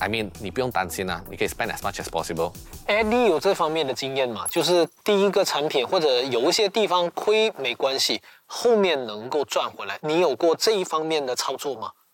I mean，你不用擔心啦，你可以 spend as much as possible。欸，哎，你有這方面的經驗嗎？就是第一個產品或者有一些地方虧沒關係，後面能夠賺回來，你有過這一方面的操作嗎？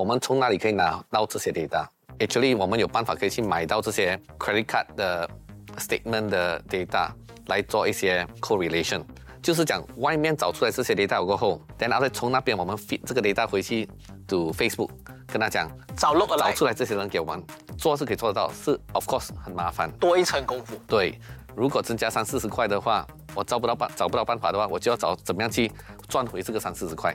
我們從哪裏可以拿到這些 data。Actually，我們有辦法可以去買到這些 credit card 的 statement 的 data，來做一些 correlation。就是講外面找出來這些 data 過後然後再從那邊我們 fit 這個 data 回去 do Facebook，跟他講找落嚟，找出來這些人給我們，做是可以做得到，是 of course 很麻煩，多一層功夫。對，如果增加三四十塊的話，我找不到辦，找不到辦法的話，我就要找怎麼樣去賺回這個三四十塊。